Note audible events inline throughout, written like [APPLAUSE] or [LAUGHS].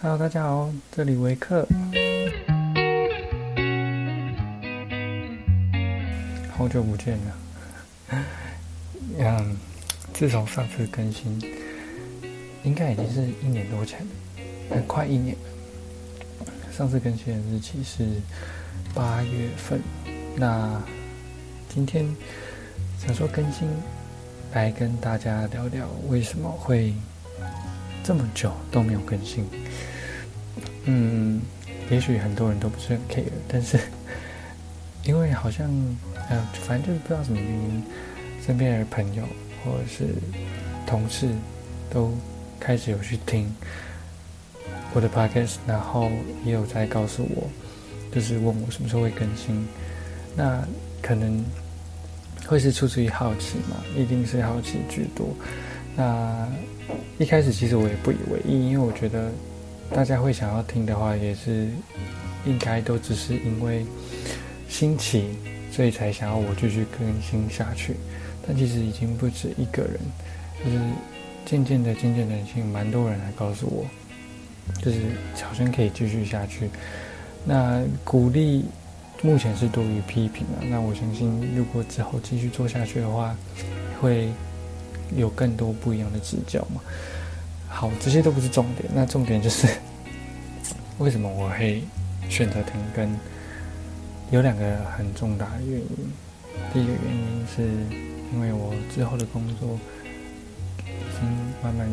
Hello，大家好，這裡維克，好久不見了。嗯，自從上次更新，應該已經是一年多前了，很快一年。上次更新的日期是八月份，那今天想說更新，來跟大家聊聊為什麼會。這麼久都沒有更新，嗯，也許很多人都不是很 care，但是因為好像，嗯、呃，反正就是不知道什麼原因，身邊的朋友或者是同事都開始有去聽我的 podcast，然後也有在告訴我，就是問我什麼時候會更新。那可能會是出自於好奇嘛，一定是好奇居多。那一開始其實我也不以為意，因為我覺得大家會想要聽的話，也是應該都只是因為新奇，所以才想要我繼續更新下去。但其實已經不止一個人，就是漸漸的、漸漸的，已經蠻多人來告訴我，就是好像可以繼續下去。那鼓勵目前是多於批評了啊，那我相信如果之後繼續做下去的話，會。有更多不一樣的指教嘛？好，這些都不是重點。那重點就是為什麼我會選擇停更？有兩個很重大的原因。第一個原因是因為我之後的工作已經慢慢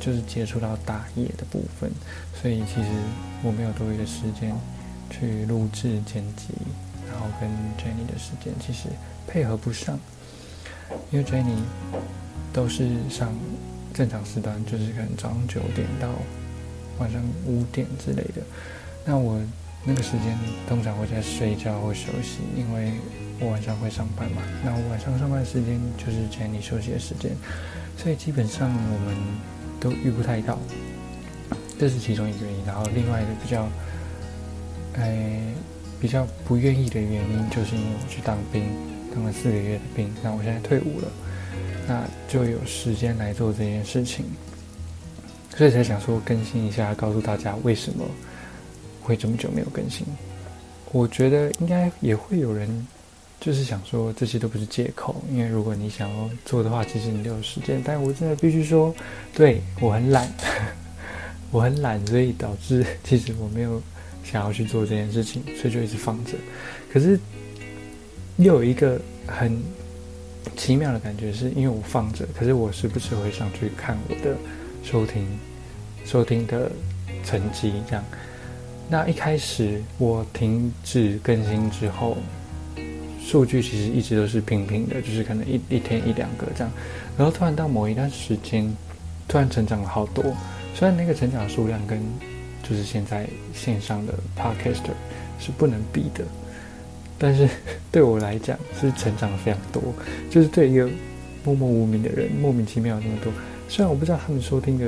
就是接觸到打野的部分，所以其實我沒有多餘的時間去錄制剪輯，然後跟 Jenny 的時間其實配合不上，因為 Jenny。都是上正常時段，就是可能早上九點到晚上五點之類的。那我那個時間通常會在睡覺或休息，因為我晚上會上班嘛。那我晚上上班的時間就是在你休息的時間，所以基本上我們都遇不太到。這是其中一個原因。然後另外一個比較，哎，比較不願意的原因，就是因為我去當兵，當了四個月的兵，那我現在退伍了。那就有時間來做這件事情，所以才想說更新一下，告訴大家為什麼會這麼久沒有更新。我覺得應該也會有人，就是想說這些都不是借口，因為如果你想要做的話，其實你都有時間。但我真的必須說，對，我很懶，我很懶， [LAUGHS] 所以導致其實我沒有想要去做這件事情，所以就一直放着。可是又有一個很。奇妙的感覺是因為我放着，可是我時不時會上去看我的收聽、收聽的成績這樣。那一開始我停止更新之後，數據其實一直都是平平的，就是可能一一天一兩個這樣。然後突然到某一段時間，突然成長了好多。雖然那個成長數量，跟就是現在線上的 Podcaster 是不能比的。但是對我來講是成長了非常多，就是對一個默默無名的人莫名其妙有那麼多。雖然我不知道他們收聽的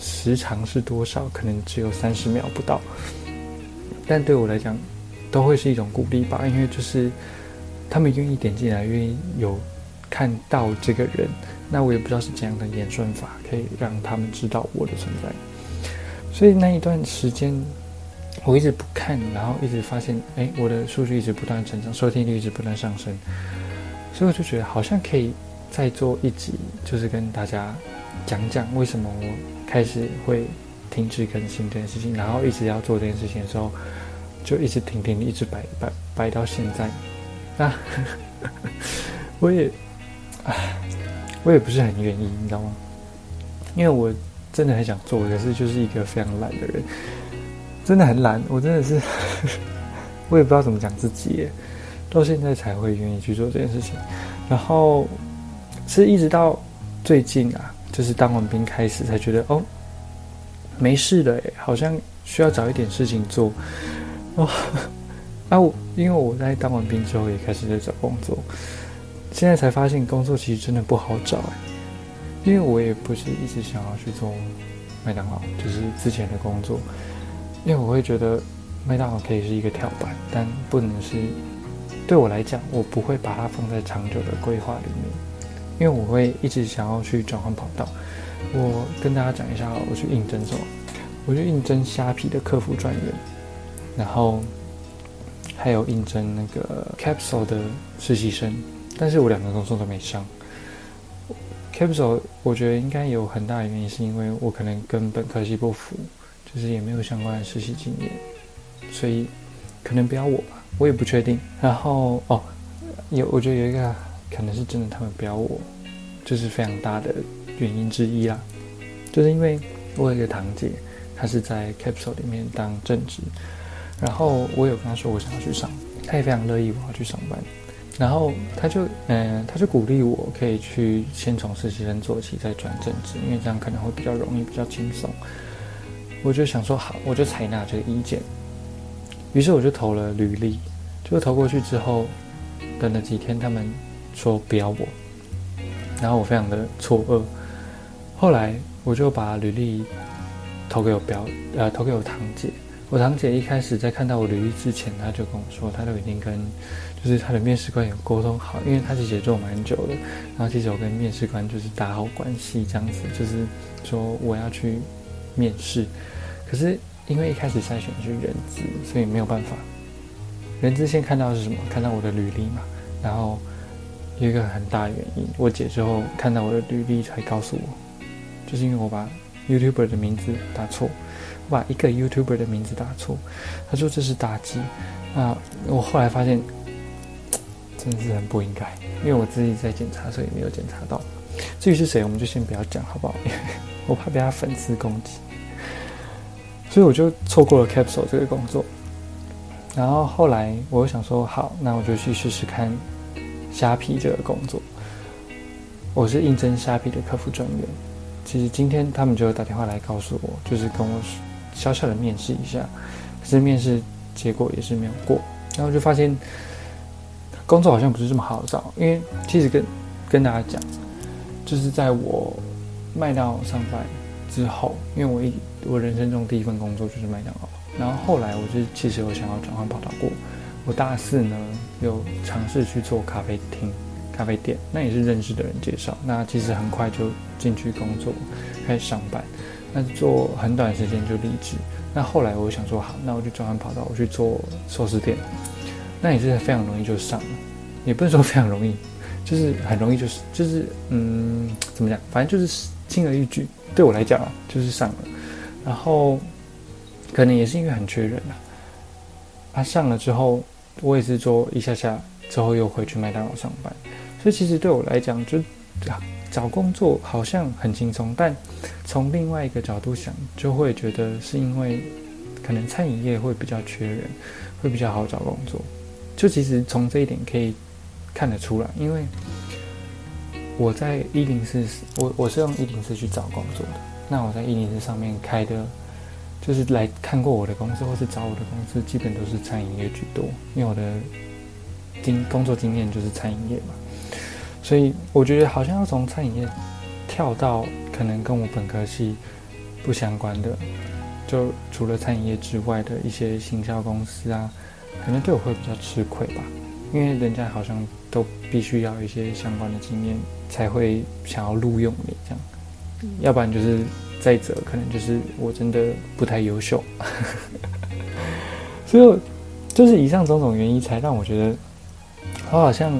時長是多少，可能只有三十秒不到，但對我來講都會是一種鼓勵吧。因為就是他們願意點進來，願意有看到這個人，那我也不知道是怎樣的演算法可以讓他們知道我的存在。所以那一段時間。我一直不看，然後一直發現，哎，我的數據一直不斷成長，收聽率一直不斷上升，所以我就覺得好像可以再做一集，就是跟大家講講為什麼我開始會停止更新這件事情，然後一直要做這件事情的時候，就一直停停停，一直擺擺擺到現在，那、啊、 [LAUGHS] 我也，哎，我也不是很願意，你知道嗎？因為我真的很想做，可是就是一個非常懶的人。真的很懶，我真的是， [LAUGHS] 我也不知道怎麼講自己，到現在才會願意去做這件事情。然後是一直到最近啊，就是當完兵開始才覺得哦，沒事的，好像需要找一點事情做。哦，那，啊，我因為我在當完兵之後也開始在找工作，現在才發現工作其實真的不好找誒，因為我也不是一直想要去做麥當勞，就是之前的工作。因為我會覺得麥當勞可以是一個跳板，但不能是對我來講，我不會把它放在長久的規劃裡面，因為我會一直想要去轉換跑道。我跟大家講一下，我去應徵什麼，我去應徵蝦皮的客服專員，然後還有應徵那個 Capsule 的實習生，但是我兩個工作都沒上。Capsule 我覺得應該有很大的原因，是因為我可能跟本科系不符。就是也沒有相關的實習經驗，所以可能不要我吧，我也不確定。然後哦，有我覺得有一個可能是真的，他們不要我，這、就是非常大的原因之一啦。就是因為我有一個堂姐，她是在 Capsule 裡面當正職，然後我有跟她說我想要去上，她也非常樂意我要去上班，然後她就嗯、呃，她就鼓勵我可以去先從實習生做起，再轉正職，因為這樣可能會比較容易，比較輕鬆。我就想說好，我就採納這個意見。於是我就投了履歷，結果投過去之後，等了幾天，他們說不要我，然後我非常的錯愕。後來我就把履歷投給我表呃，投給我堂姐。我堂姐一開始在看到我履歷之前，她就跟我說，她都已經跟就是她的面試官有溝通好，因為她其實也做蠻久了，然後其實我跟面試官就是打好關係，這樣子就是說我要去面試。可是因為一開始篩選是人資，所以沒有辦法。人資先看到是什麼？看到我的履歷嘛。然後有一個很大的原因，我姐之後看到我的履歷才告訴我，就是因為我把 YouTuber 的名字打錯，我把一個 YouTuber 的名字打錯。他說這是打擊，那、呃、我後來發現真的是很不應該，因為我自己在檢查，所以沒有檢查到。至於是誰，我們就先不要講好不好？ [LAUGHS] 我怕被他粉絲攻擊。所以我就錯過了 Capsule 這個工作，然後後來我又想說，好，那我就去試試看蝦皮這個工作。我是應徵蝦皮的客服專員，其實今天他們就打電話來告訴我，就是跟我小小的面試一下，可是面試結果也是沒有過。然後就發現工作好像不是這麼好找，因為其實跟跟大家講，就是在我麥當勞上班。之後，因為我一我人生中第一份工作就是麥當勞，然後後來我就其實我想要轉換跑道過。我大四呢，有嘗試去做咖啡廳、咖啡店，那也是認識的人介紹，那其實很快就進去工作，開始上班，那做很短時間就離職，那後來我想說好，那我就轉換跑道，我去做壽司店，那也是非常容易就上了，也不是說非常容易，就是很容易就是就是嗯怎麼講，反正就是。輕而易舉，對我來講、啊、就是上了，然後可能也是因為很缺人啊，他、啊、上了之後，我也是做一下下之後又回去麥當勞上班，所以其實對我來講，就找工作好像很輕鬆，但從另外一個角度想，就會覺得是因為可能餐飲業會比較缺人，會比較好找工作，就其實從這一點可以看得出來，因為。我在一零四，我我是用一零四去找工作的。那我在一零四上面開的，就是來看過我的公司或是找我的公司，基本都是餐飲業居多，因為我的經工作經驗就是餐飲業嘛。所以我覺得好像要從餐飲業跳到可能跟我本科系不相關的，就除了餐飲業之外的一些行銷公司啊，可能對我會比較吃虧吧。因為人家好像都必須要一些相關的經驗才會想要錄用你這樣，要不然就是再者，可能就是我真的不太優秀，所以就是以上種種原因才讓我覺得我好像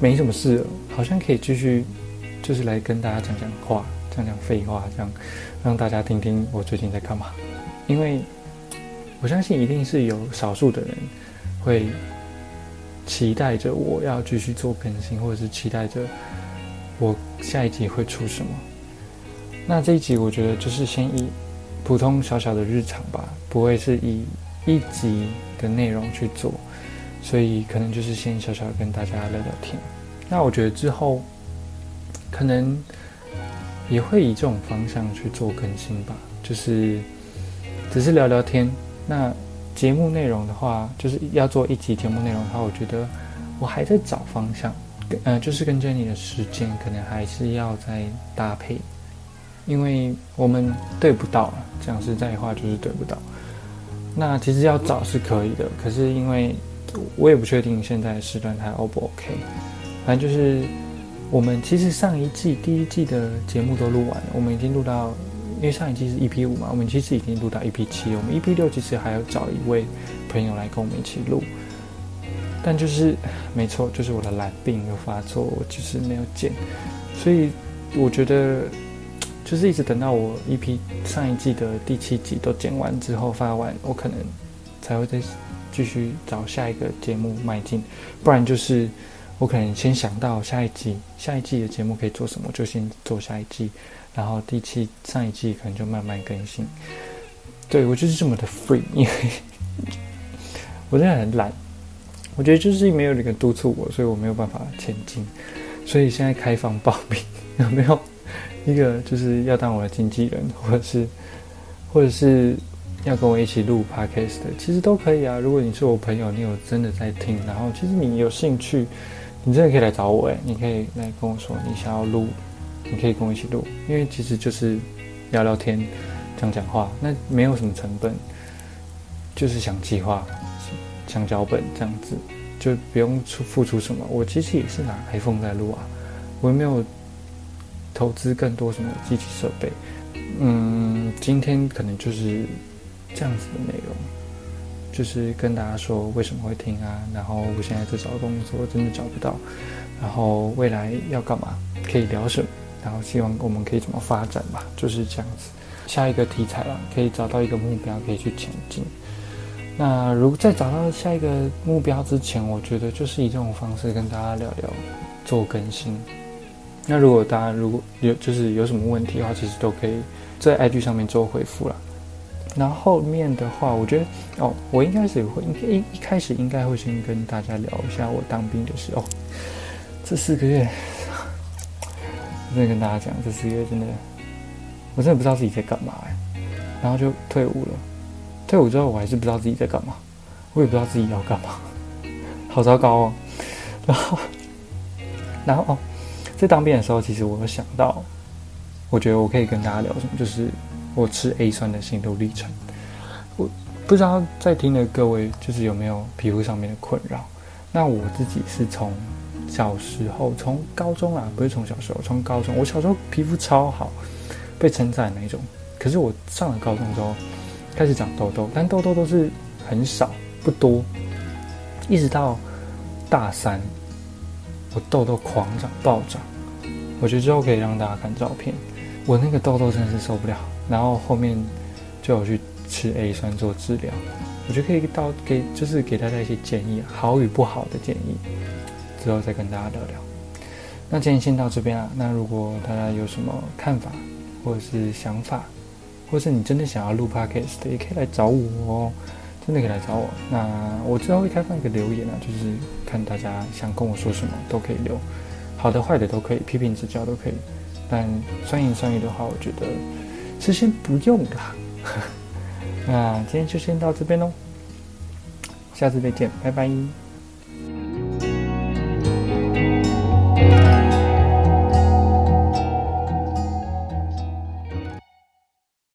沒什麼事，好像可以繼續就是來跟大家講講話，講講廢話，這樣讓大家聽聽我最近在幹嘛。因為我相信一定是有少數的人會。期待着我要繼續做更新，或者是期待着我下一集會出什麼。那這一集我覺得就是先以普通小小的日常吧，不會是以一集的內容去做，所以可能就是先小小的跟大家聊聊天。那我覺得之後可能也會以這種方向去做更新吧，就是只是聊聊天。那。節目內容的話，就是要做一集節目內容的話，我覺得我還在找方向，嗯、呃，就是根據你的時間，可能還是要再搭配，因為我們對不到了，講實在話就是對不到。那其實要找是可以的，可是因為我也不確定現在時段它 O 不 OK，反正就是我們其實上一季第一季的節目都錄完了，我們已經錄到。因為上一季是 EP 五嘛，我們其實已經錄到 EP 七，我們 EP 六其實還要找一位朋友來跟我們一起錄，但就是沒錯，就是我的懶病又發作，我就是沒有剪，所以我覺得就是一直等到我 EP 上一季的第七集都剪完之後發完，我可能才會再繼續找下一個節目邁進，不然就是我可能先想到下一季下一季的節目可以做什麼，就先做下一季。然後第七、上一季可能就慢慢更新，對，我就是這麼的 free，因為我真的很懶，我覺得就是沒有哪個督促我，所以我沒有辦法前進，所以現在開放報名，有沒有一個就是要當我的經紀人，或者是，或者是要跟我一起錄 podcast 的，其實都可以啊。如果你是我朋友，你有真的在聽，然後其實你有興趣，你真的可以來找我哎，你可以來跟我說你想要錄。你可以跟我一起錄，因為其實就是聊聊天，這樣講話，那沒有什麼成本，就是想計劃，想腳本這樣子，就不用出付出什麼。我其實也是拿 iPhone 在錄啊，我也沒有投資更多什麼機器設備。嗯，今天可能就是這樣子的內容，就是跟大家說為什麼會聽啊，然後我現在在找工作，真的找不到，然後未來要幹嘛，可以聊什麼。然後希望我們可以怎麼發展吧，就是這樣子。下一個題材了，可以找到一個目標，可以去前進。那如果在找到下一個目標之前，我覺得就是以這種方式跟大家聊聊，做更新。那如果大家如果有就是有什麼問題的話，其實都可以在 IG 上面做回復啦。然後後面的話，我覺得哦，我應該是會一一開始應該會先跟大家聊一下我當兵的時候，哦，這四個月。真的跟大家講，就是因為真的，我真的不知道自己在幹嘛哎，然後就退伍了。退伍之後，我還是不知道自己在幹嘛，我也不知道自己要幹嘛，好糟糕哦。然後，然後哦，在當兵的時候，其實我有想到，我覺得我可以跟大家聊什麼，就是我吃 A 酸的心路歷程。我不知道在聽的各位，就是有沒有皮膚上面的困擾。那我自己是從。小時候從高中啊，不是從小時候，從高中。我小時候皮膚超好，被稱讚那一種。可是我上了高中之後，開始長痘痘，但痘痘都是很少不多。一直到大三，我痘痘狂長暴漲。我覺得之後可以讓大家看照片，我那個痘痘真的是受不了。然後後面就有去吃 A 酸做治療。我覺得可以到給就是給大家一些建議，好與不好的建議。之後再跟大家聊聊。那今天先到這邊了啊。那如果大家有什麼看法，或者是想法，或者是你真的想要錄 podcast 也可以來找我哦。真的可以來找我。那我之後會開放一個留言啊，就是看大家想跟我說什麼都可以留，好的壞的都可以，批評指教都可以。但酸言酸語的話，我覺得是先不用啦。 [LAUGHS] 那今天就先到這邊嘍，下次再見，拜拜。